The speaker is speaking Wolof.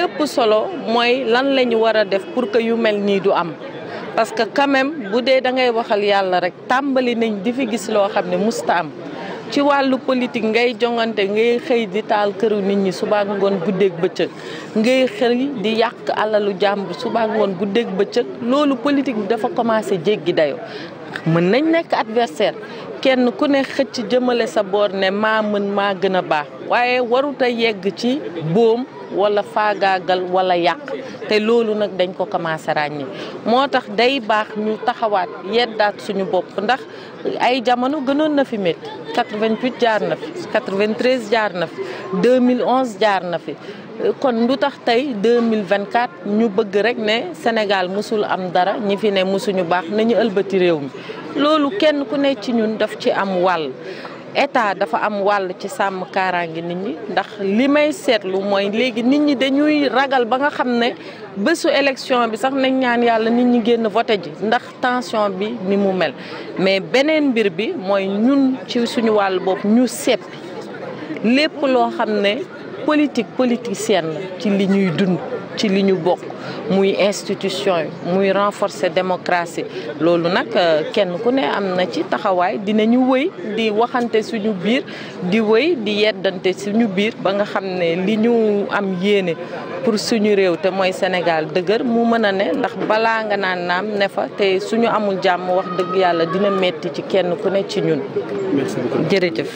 ëpp solo mooy lan la ñu war a def pour que yu mel nii du am parce que quand bu dee da ngay waxal yàlla rek tàmbali nañ di fi gis loo xam ne musta am ci wàllu politique ngay jongante ngay xëy di taal këru nit ñi suba ngoon guddeeg bëccëg ngay xëy di yàq alalu jàmbur suba ngoon guddeeg bëccëg loolu politique bi dafa commencé jéggi dayo mën nañ nekk adversaire kenn ku ne xëcc jëmale sa boor ne maa mën maa gën a baax waaye waruta yegg ci boom wala faagaagal wala yàq te loolu nag dañ ko commencé ràññee moo tax day baax ñu taxawaat yeddaat suñu bopp ndax ay jamono gënoon na fi métti jaar na fi 93 jaar na fi 2011 jaar na fi kon lu tax tey 2024 ñu bëgg rek ne Sénégal mosul am dara ñi fi ne musuñu baax nañu ëlbati réew mi loolu kenn ku ne ci ñun daf ci am wàll état dafa am wàll ci sàmm kaaraange nit ñi ndax li may seetlu mooy léegi nit ñi dañuy ragal ba nga xam ne bésu élection bi sax nañ ñaan yàlla nit ñi génn voté ji ndax tension bi ni mu mel mais beneen mbir bi mooy ñun ci suñu wàll bopp ñu seppi lépp loo xam ne politique politicienne ci li ñuy dund ci li ñu bokk muy institution muy renforcer démocratie loolu nag euh, kenn ku ne am na ci taxawaay dinañu wëy di waxante suñu biir di wëy di yeddante suñu biir ba nga xam ne li ñu am yéene pour suñu réew te mooy Sénégal dëgër mu mën a ne ndax balaa nga naan naam ne fa te suñu amul jàmm wax dëgg yàlla dina metti ci kenn ku ne ci ñun jërëjëf